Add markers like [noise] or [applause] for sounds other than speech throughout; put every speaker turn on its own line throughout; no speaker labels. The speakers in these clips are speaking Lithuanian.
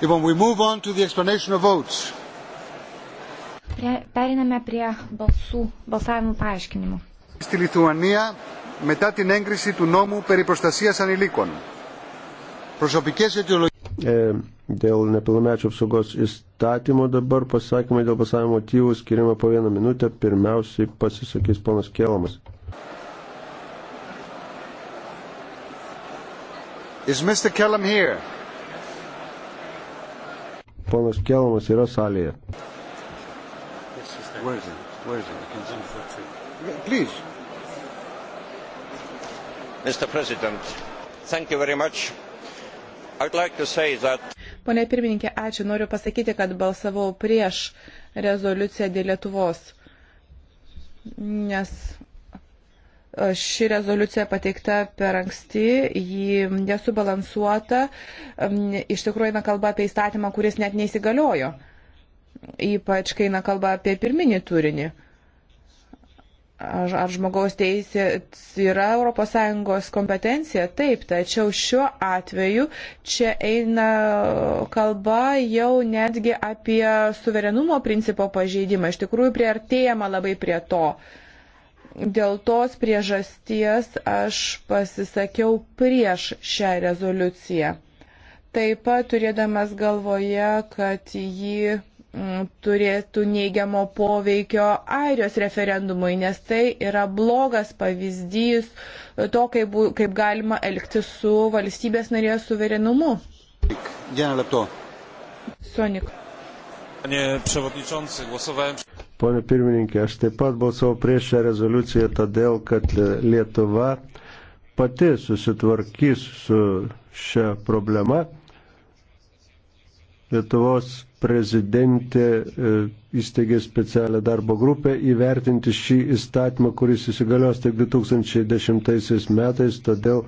Pre,
periname prie balsų, balsavimų paaiškinimų.
Στη Λιθουανία μετά την έγκριση του νόμου περί προστασίας ανηλίκων.
Προσωπικές αιτιολογίες... Ε, dėl nepilnamečių apsaugos įstatymo dabar pasakymai dėl pasavimo motyvų skiriama po vieną minutę. Pirmiausiai pasisakys ponas Kėlamas. Is Mr. Kellam here? ponas Kelmas yra salėje. Like that...
Pone pirmininkė, ačiū. Noriu pasakyti, kad balsavau prieš rezoliuciją dėl Lietuvos, nes ši rezoliucija pateikta per anksti, ji nesubalansuota, iš tikrųjų eina kalba apie įstatymą, kuris net neįsigaliojo, ypač kai eina kalba apie pirminį turinį. Ar, ar žmogaus teisė yra ES kompetencija? Taip, tačiau šiuo atveju čia eina kalba jau netgi apie suverenumo principo pažeidimą. Iš tikrųjų, prieartėjama labai prie to. Uh, dėl tos priežasties aš pasisakiau prieš šią rezoliuciją. Taip pat turėdamas galvoje, kad ji mm, turėtų neigiamo poveikio Airijos referendumui, nes tai yra blogas pavyzdys to, kaip, kaip galima elgti su valstybės narės suverenumu. Sonik.
Panie przewodniczący, głosowałem.
Pone pirmininkė, aš taip pat balsavau prieš šią rezoliuciją todėl, kad Lietuva pati susitvarkys su šią problemą. Lietuvos prezidentė e, įsteigė specialią darbo grupę įvertinti šį įstatymą, kuris įsigalios tik 2010 metais, todėl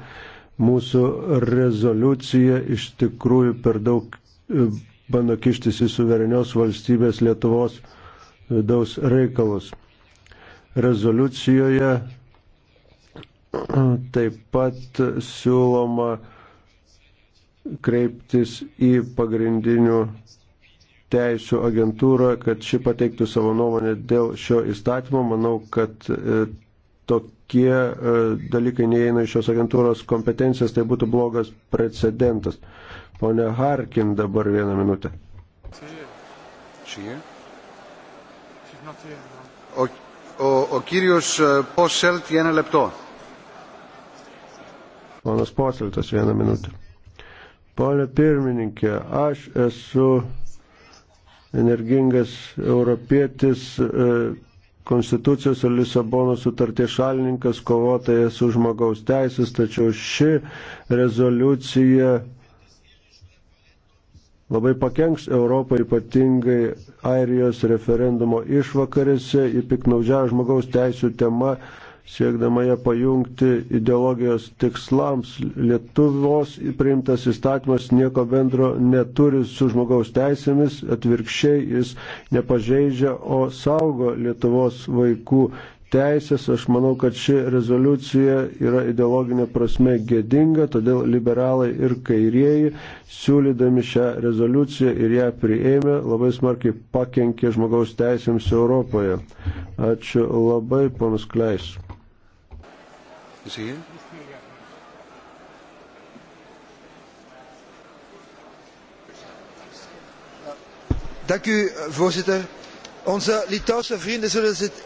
mūsų rezoliucija iš tikrųjų per daug e, bando kištis į suverenios valstybės Lietuvos vidaus reikalus. Rezoliucijoje taip pat siūloma kreiptis į pagrindinių teisų agentūrą, kad ši pateiktų savo nuomonę dėl šio įstatymo. Manau, kad e, tokie e, dalykai neįeina iš šios agentūros kompetencijas, tai būtų blogas precedentas. Pone Harkin, dabar vieną minutę. Čia.
Čia. Ο, ο, ο κύριος Πόσελτ για ένα λεπτό.
Ponas Poseltas vieną minutę. Pone pirmininkė, aš esu energingas europietis, e, Konstitucijos ir Lisabono sutarties šalininkas, kovotojas už žmogaus teisės, tačiau ši rezoliucija labai pakenks Europai ypatingai Airijos referendumo išvakarėse, į piknaudžią žmogaus teisų temą, siekdama ją pajungti ideologijos tikslams. Lietuvos priimtas įstatymas nieko bendro neturi su žmogaus teisėmis, atvirkščiai jis nepažeidžia, o saugo Lietuvos vaikų teisės. Aš manau, kad ši rezoliucija yra ideologinė prasme gėdinga, todėl liberalai ir kairieji, siūlydami šią rezoliuciją ir ją priėmė, labai smarkiai pakenkė žmogaus teisėms Europoje. Ačiū labai, panas Kleis. Dank u, voorzitter. Onze Litouwse vrienden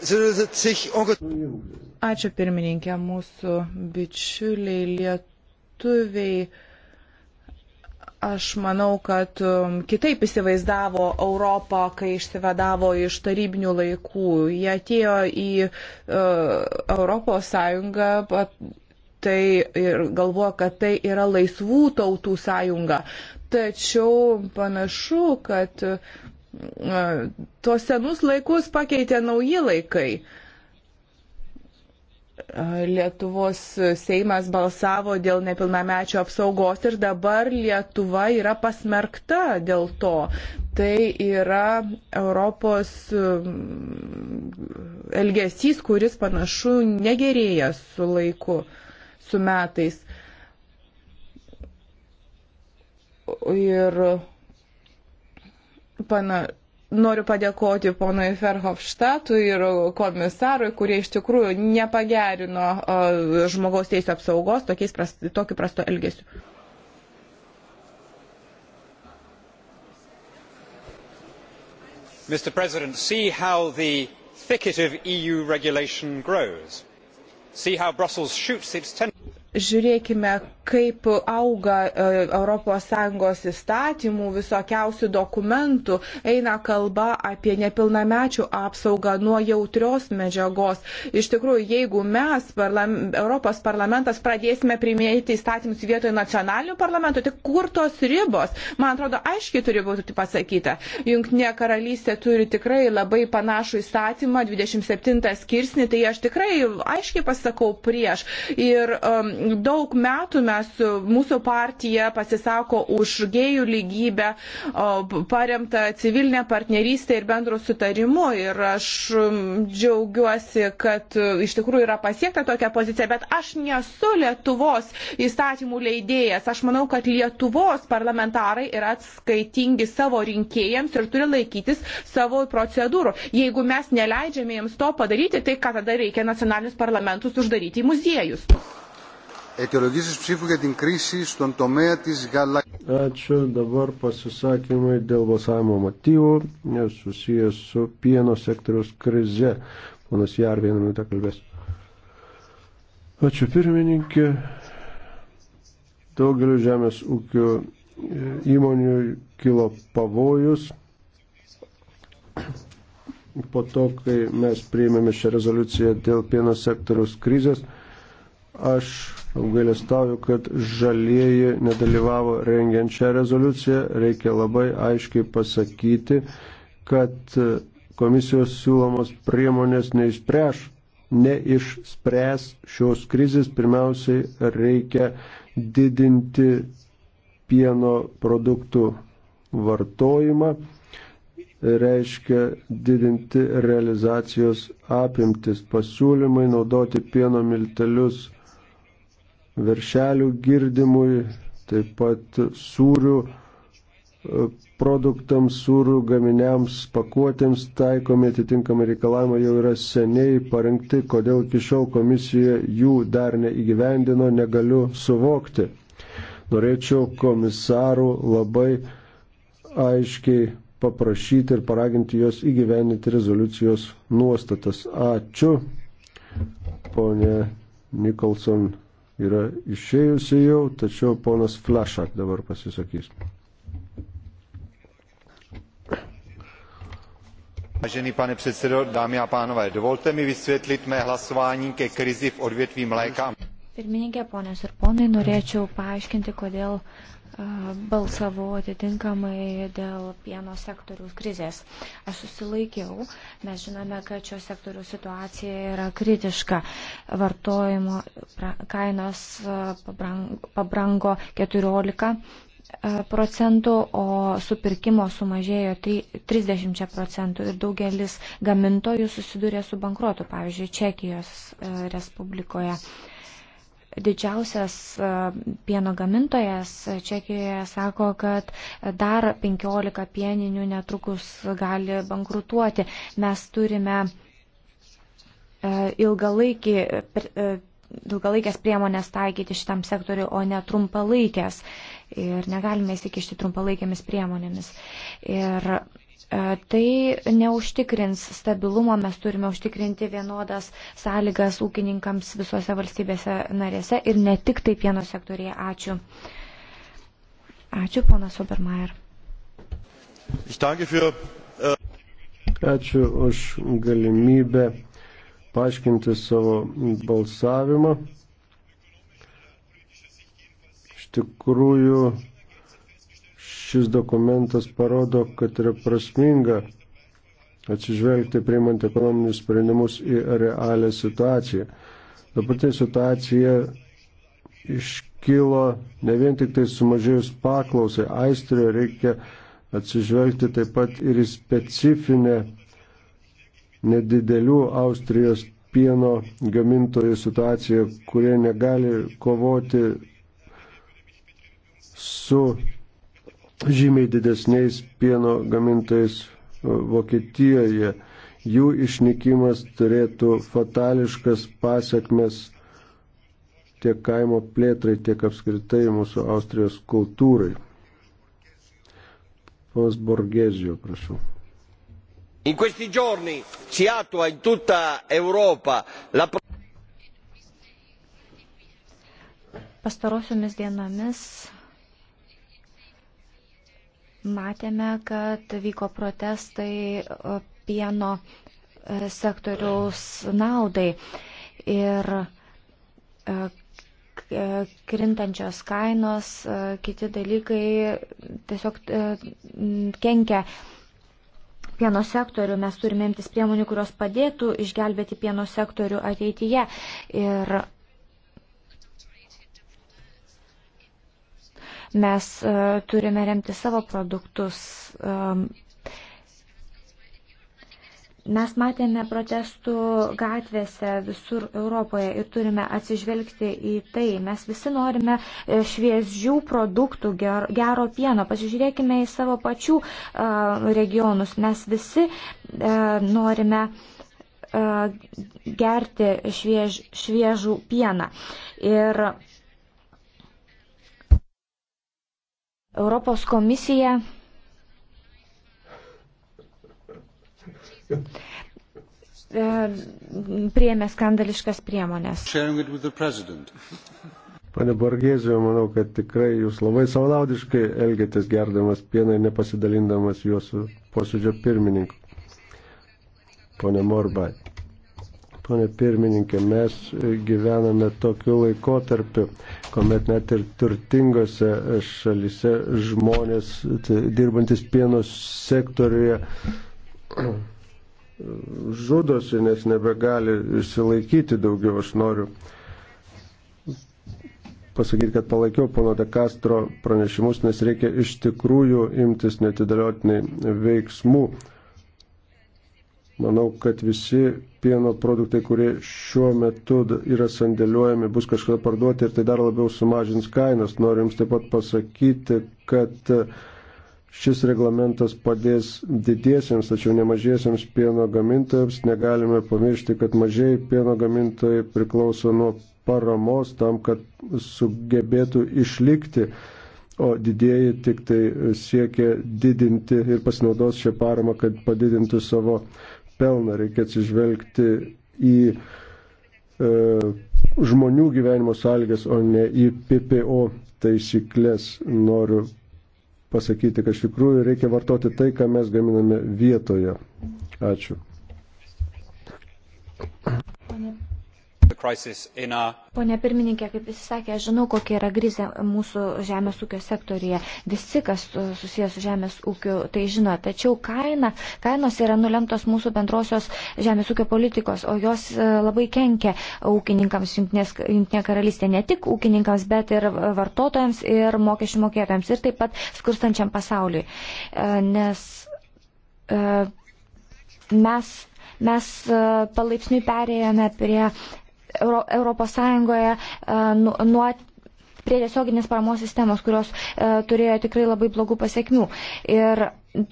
zullen het zich ongetwijfeld.
Ačiū pirmininkė, mūsų bičiuliai lietuviai. Aš manau, kad um, kitaip įsivaizdavo Europą, kai išsivadavo iš tarybinių laikų. Jie atėjo į uh, Europos Sąjungą, pat, tai ir galvoja, kad tai yra laisvų tautų sąjunga. Tačiau panašu, kad uh, tuos senus laikus pakeitė nauji laikai. Lietuvos Seimas balsavo dėl nepilnamečio apsaugos ir dabar Lietuva yra pasmerkta dėl to. Tai yra Europos mm, elgesys, kuris panašu negerėja su laiku, su metais. Ir pana, noriu padėkoti ponui Ferhofštatui ir komisarui, kurie iš tikrųjų nepagerino žmogaus teisų apsaugos prast, tokiu prastu elgesiu.
Mr President, see how the thicket of EU regulation grows.
See how Brussels shoots its tentacles žiūrėkime, kaip auga ES įstatymų, visokiausių dokumentų, eina kalba apie nepilnamečių apsaugą nuo jautrios medžiagos. Iš tikrųjų, jeigu mes, parlam, Europos parlamentas, pradėsime priminėti įstatymus vietoje nacionalinių parlamentų, tai kur tos ribos? Man atrodo, aiškiai turi būti pasakyta. Junktinė karalystė turi tikrai labai panašų įstatymą, 27 skirsnį, tai aš tikrai aiškiai pasakau prieš. Ir um, daug metų mes, mūsų partija pasisako už gėjų lygybę, paremta civilinė partnerystė ir bendru sutarimu. Ir aš džiaugiuosi, kad iš tikrųjų yra pasiekta tokia pozicija, bet aš nesu Lietuvos įstatymų leidėjas. Aš manau, kad Lietuvos parlamentarai yra atskaitingi savo rinkėjams ir turi laikytis savo procedūrų. Jeigu mes neleidžiame jiems to padaryti, tai ką tada reikia nacionalinius parlamentus uždaryti į muziejus?
Αιτιολογήσεις ψήφου για την κρίση στον τομέα της
γαλακτικής. Ačiū dabar pasisakymai dėl balsavimo motyvų, nes susijęs su pieno sektoriaus krize. Ponas Jar vieną minutę kalbės. Ačiū pirmininkė. Daugeliu žemės ūkio e, įmonių kilo pavojus po to, kai mes priėmėme šią rezoliuciją dėl pieno sektoriaus krizės Aš apgailestauju, kad žalieji nedalyvavo rengiant šią rezoliuciją. Reikia labai aiškiai pasakyti, kad e, komisijos siūlomos priemonės neišspręs, neišspręs šios krizės. Pirmiausiai reikia didinti pieno produktų vartojimą, reiškia didinti realizacijos apimtis, pasiūlymai naudoti pieno miltelius veršelių girdimui, taip pat sūrių e, produktams, sūrių gaminiams, pakuotėms taikomi atitinkami reikalavimai jau yra seniai parengti, kodėl iki šiol komisija jų dar neįgyvendino, negaliu suvokti. Norėčiau komisarų labai aiškiai paprašyti ir paraginti jos įgyveninti rezoliucijos nuostatas. Ačiū, ponė Nikolson yra išėjusi jau, tačiau ponas Flašak dabar pasisakys.
Vážený pane předsedo, dámy a pánové, dovolte mi vysvětlit mé hlasování ke krizi v odvětví mléka.
Pirmininkė, ponės ir ponai, norėčiau paaiškinti, kodėl balsavau atitinkamai dėl pieno sektoriaus krizės. Aš susilaikiau, mes žinome, kad šio sektoriaus situacija yra kritiška. Vartojimo kainos pabrango 14 procentų, o supirkimo sumažėjo 30 procentų ir daugelis gamintojų susidurė su bankruotu, pavyzdžiui, Čekijos Respublikoje. Didžiausias e, pieno gamintojas Čekijoje sako, kad dar 15 pieninių netrukus gali bankrutuoti. Mes turime e, ilgalaikį e, ilgalaikės priemonės taikyti šitam sektoriu, o ne trumpalaikės. Ir negalime įsikišti trumpalaikėmis priemonėmis. Ir E, tai neužtikrins stabilumo, mes turime užtikrinti vienodas sąlygas ūkininkams visose valstybėse narėse ir ne tik tai pieno sektorėje. Ačiū. Ačiū, ponas Obermeier.
Äh, Ačiū už galimybę paaiškinti savo balsavimą. Iš tikrųjų, šis dokumentas parodo, kad yra prasminga atsižvelgti priimant ekonominius sprendimus į realią situaciją. Dabartinė situacija iškilo ne vien tik tai sumažėjus paklausai, aistrijoje reikia atsižvelgti taip pat ir į specifinę nedidelių Austrijos pieno gamintojų situaciją, kurie negali kovoti su žymiai didesniais pieno gamintojais e, Vokietijoje. Jų išnykimas turėtų fatališkas pasiekmes tiek kaimo plėtrai, tiek apskritai mūsų Austrijos kultūrai. Ponas Borgesio, prašau. In questi giorni si attua in tutta Europa la
Pastarosiomis dienomis Matėme, kad vyko protestai e, pieno e, sektoriaus naudai ir e, krintančios kainos, kiti dalykai tiesiog kenkia pieno sektorių, mes turime imtis priemonių, kurios padėtų išgelbėti pieno sektorių ateityje. Ir Mes e, turime remti savo produktus. E, mes matėme protestų gatvėse visur Europoje ir turime atsižvelgti į tai. Mes visi norime e, šviežių produktų, gero, gero pieno. Pasižiūrėkime į savo pačių uh, regionus. Mes visi uh, norime uh, gerti šviež, šviežų pieną. Ir uh, Europos komisija e, priėmė skandališkas priemonės.
Pane Borgėzio, manau, kad tikrai jūs labai savanaudiškai elgėtės gerdamas pieną ir nepasidalindamas juos su posėdžio pirmininku. Pone Morbai. Pone pirmininkė, mes gyvename tokiu laikotarpiu, kuomet net ir turtingose šalise žmonės tai, dirbantis pieno sektoriuje žudosi, nes nebegali išsilaikyti daugiau. Aš noriu pasakyti, kad palaikiau pono De Castro pranešimus, nes reikia iš tikrųjų imtis netidaliotinai veiksmų Manau, kad visi pieno produktai, kurie šiuo metu yra sandėliuojami, bus kažkada parduoti ir tai dar labiau sumažins kainas. Noriu Jums taip pat pasakyti, kad e, šis reglamentas padės didiesiems, tačiau nemažiesiems pieno gamintojams. Negalime pamiršti, kad mažiai pieno gamintojai priklauso nuo paramos tam, kad sugebėtų išlikti, o didėjai tik tai siekia didinti ir pasinaudos šią paramą, kad padidintų savo pelną, reikia atsižvelgti į e, žmonių gyvenimo sąlygas, o ne į PPO taisyklės. Noriu pasakyti, kad iš tikrųjų reikia vartoti tai, ką mes gaminame vietoje. Ačiū.
Pone pirmininkė, kaip jis sakė, aš žinau, kokia yra grizė mūsų žemės ūkio sektorija. Visi, kas e, susijęs su žemės ūkiu, tai žino. Tačiau kaina, kainos yra nulemtos mūsų bendrosios žemės ūkio politikos, o jos e, labai kenkia ūkininkams Junktinė karalystė. Ne tik ūkininkams, bet ir vartotojams ir mokesčių mokėtojams ir taip pat skurstančiam pasauliui. E, nes mes mes palaipsniui perėjome prie Euro, Europos Sąjungoje e, nu, nuo prie tiesioginės paramos sistemos, kurios e, turėjo tikrai labai blogų pasiekmių. Ir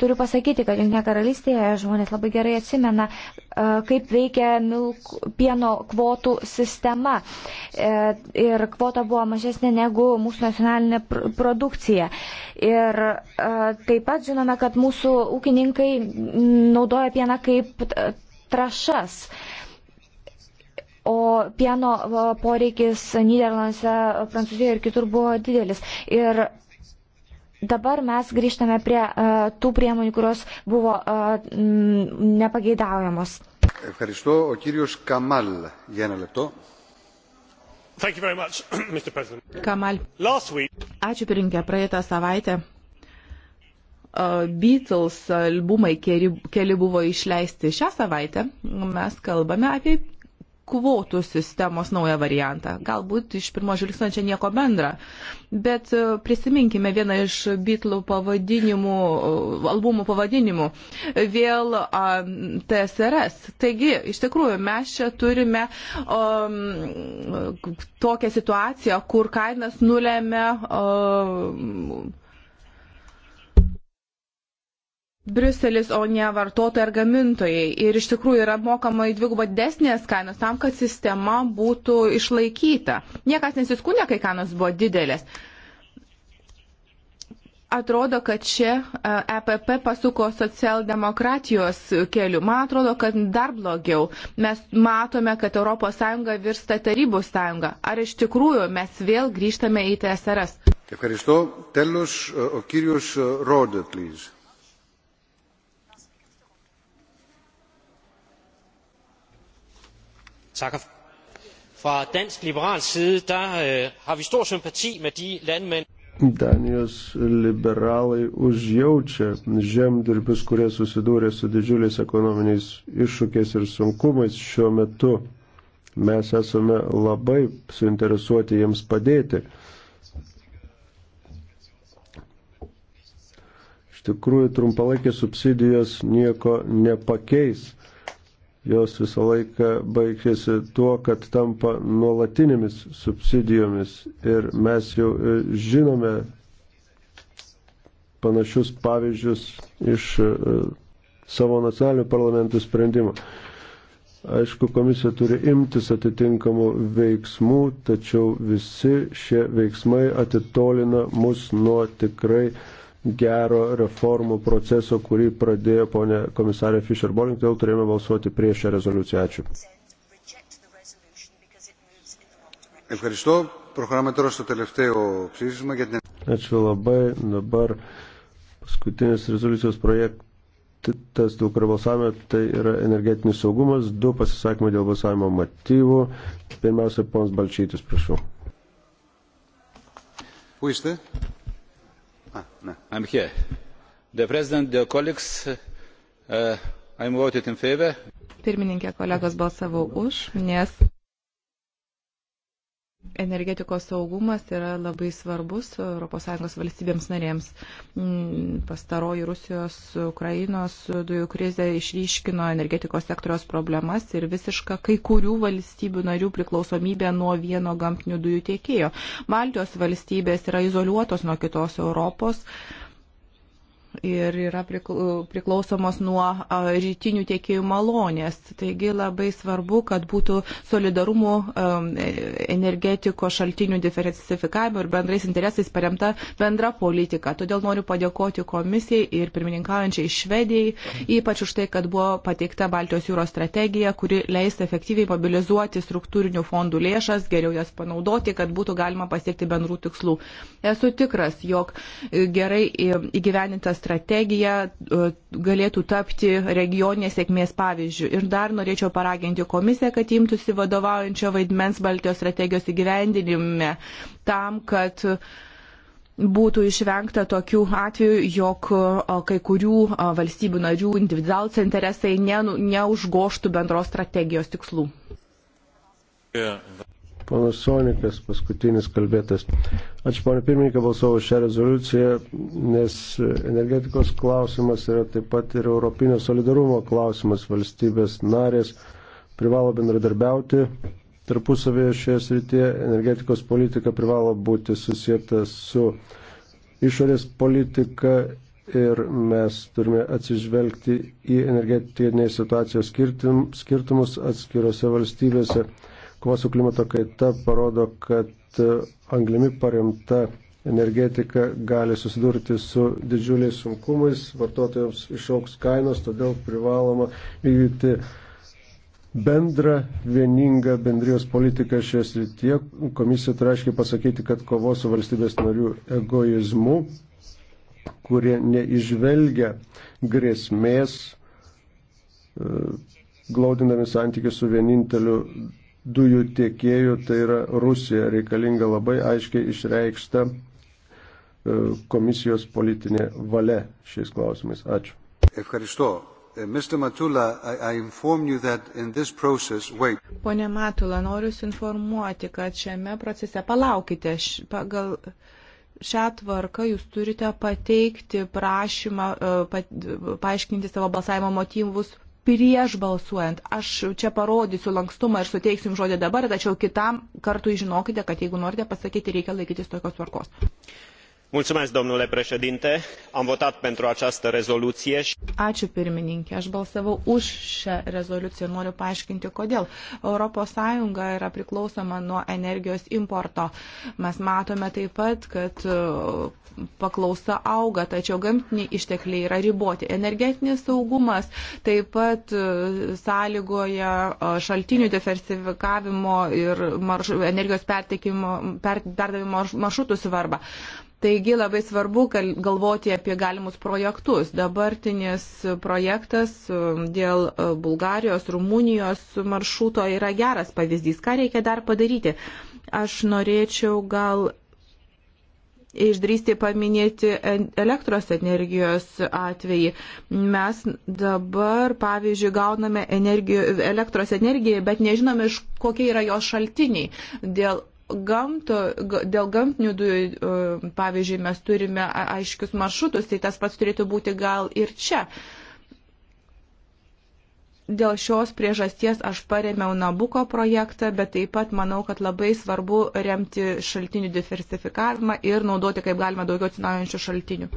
turiu pasakyti, kad Junktinė karalystėje žmonės labai gerai atsimena, e, kaip veikia milk, pieno kvotų sistema. E, ir kvota buvo mažesnė negu mūsų nacionalinė pr produkcija. Ir e, taip pat žinome, kad mūsų ūkininkai naudoja pieną kaip trašas. E, o pieno poreikis Niderlanduose, Prancūzijoje ir kitur buvo didelis. Ir dabar mes grįžtame prie uh, tų priemonių, kurios buvo uh, nepageidaujamos. Kamal, much, [coughs]
Kamal. Ačiū pirinkė, praeitą savaitę. E, Beatles albumai keli buvo išleisti šią savaitę. Mes kalbame apie kvotų sistemos naują variantą. Galbūt iš pirmo žvilgsnio čia nieko bendra, bet e, prisiminkime vieną iš bitlų pavadinimų, e, albumų pavadinimų, vėl a, TSRS. Taigi, iš tikrųjų, mes čia turime a, um, tokią situaciją, kur kainas nulėmė a, um, Briuselis, o ne vartotojai ar gamintojai. Ir iš tikrųjų yra mokama į dvigubą desnės kainos tam, kad sistema būtų išlaikyta. Niekas nesiskundė, kai kainos buvo didelės. Atrodo, kad čia EPP e pasuko socialdemokratijos keliu. Man atrodo, kad dar blogiau. Mes matome, kad ES virsta tarybų sąjunga. Ar iš tikrųjų mes vėl grįžtame į TSRS?
Ευχαριστώ. Τέλος, ο κύριος Ρόντε, please. Fra dansk liberal side, der øh, har vi stor sympati med de landmænd.
Danijos liberalai užjaučia žemdirbius, kurie susidūrė su didžiuliais ekonominiais iššūkiais ir sunkumais šiuo metu. Mes esame labai suinteresuoti jiems padėti. Iš tikrųjų, trumpalaikės subsidijos nieko nepakeis jos visą laiką baigėsi tuo, kad tampa nuolatinėmis subsidijomis ir mes jau e, žinome panašius pavyzdžius iš e, savo nacionalinių parlamentų sprendimų. Aišku, komisija turi imtis atitinkamų veiksmų, tačiau visi šie veiksmai atitolina mus nuo tikrai uh, gero reformų proceso, kurį pradėjo ponė komisarė Fischer Boring, todėl turėjome balsuoti prieš šią rezoliuciją. Ačiū. Ačiū labai. Dabar paskutinis rezoliucijos projektas, dėl kurio balsavome, tai yra energetinis saugumas. Du pasisakymai dėl balsavimo motyvų. Pirmiausia, pons Balčytis, prašau. Πού είστε? Ah, i am here. dear president dear colleagues uh, i voted in favour.
pirmininke kolegos balsavau už nes energetikos saugumas yra labai svarbus ES valstybėms narėms. Mm, pastaroji Rusijos, Ukrainos dujų krizė išryškino energetikos sektoriaus problemas ir visišką kai kurių valstybių narių priklausomybę nuo vieno gamtinių dujų tiekėjo. Baltijos valstybės yra izoliuotos nuo kitos Europos ir yra priklausomos nuo rytinių tiekėjų malonės. Taigi labai svarbu, kad būtų solidarumų e, energetikos šaltinių diversifikavimo ir bendrais interesais paremta bendra politika. Todėl noriu padėkoti komisijai ir pirmininkaujančiai Švedijai, ypač už tai, kad buvo pateikta Baltijos jūros strategija, kuri leis efektyviai mobilizuoti struktūrinių fondų lėšas, geriau jas panaudoti, kad būtų galima pasiekti bendrų tikslų. Esu tikras, jog gerai įgyvenintas strategija e, galėtų tapti regioninės sėkmės pavyzdžių. Ir dar norėčiau paraginti komisiją, kad imtųsi vadovaujančio vaidmens Baltijos strategijos įgyvendinime tam, kad būtų išvengta tokių atvejų, jog e, kai kurių e, valstybių narių individualus interesai neužgoštų bendros strategijos tikslų. Yeah.
Panas Sonikas, paskutinis kalbėtas. Ačiū, ponė pirmininkė, balsavau šią rezoliuciją, nes energetikos klausimas yra taip pat ir europinio solidarumo klausimas. Valstybės narės privalo bendradarbiauti tarpusavėje šioje srityje. Energetikos politika privalo būti susijęta su išorės politika ir mes turime atsižvelgti į energetinės situacijos skirtum, skirtumus atskirose valstybėse kova su klimato kaita parodo, kad e, anglimi paremta energetika gali susidurti su didžiuliais sunkumais, vartotojams išauks kainos, todėl privaloma vykdyti bendrą, vieningą bendrijos politiką šioje srityje. Komisija turi aiškiai pasakyti, kad kovos su valstybės narių egoizmu, kurie neižvelgia grėsmės, e, glaudindami santykius su vieninteliu dujų tiekėjų, tai yra Rusija, reikalinga labai aiškiai išreikšta e, komisijos politinė valia šiais klausimais. Ačiū.
Pone Matula, noriu Jūs informuoti, kad šiame procese palaukite. Š, pagal šią tvarką Jūs turite pateikti prašymą, e, pa, paaiškinti savo balsavimo motyvus prieš balsuojant. Aš čia parodysiu lankstumą ir suteiksim žodį dabar, tačiau kitam kartui žinokite, kad jeigu norite pasakyti, reikia laikytis tokios tvarkos
am votat pentru această rezoliuție.
Ačiū pirmininkė, aš balsavau už šią rezoliuciją ir noriu paaiškinti, kodėl. ES yra priklausoma nuo energijos importo. Mes matome taip pat, kad uh, paklausa auga, tačiau gamtiniai ištekliai yra riboti. Energetinis saugumas taip pat uh, sąlygoja uh, šaltinių diversifikavimo ir marš, energijos perdavimo maršrutų svarbą. Taigi labai svarbu galvoti apie galimus projektus. Dabartinis projektas um, dėl uh, Bulgarijos, Rumunijos maršruto yra geras pavyzdys. Ką reikia dar padaryti? Aš norėčiau gal išdrysti paminėti elektros energijos atvejį. Mes dabar, pavyzdžiui, gauname energijų, elektros energiją, bet nežinome, kokie yra jos šaltiniai. Dėl gamto, dėl gamtinių dujų, e, pavyzdžiui, mes turime aiškius maršrutus, tai tas pats turėtų būti gal ir čia. Dėl šios priežasties aš paremiau Nabuko projektą, bet taip pat manau, kad labai svarbu remti šaltinių diversifikavimą ir naudoti kaip galima daugiau atsinaujančių šaltinių.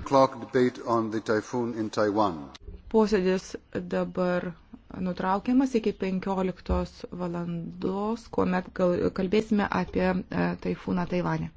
Posėdis dabar nutraukiamas iki 15 valandos, kuomet kalbėsime apie e, taifūną Taivane.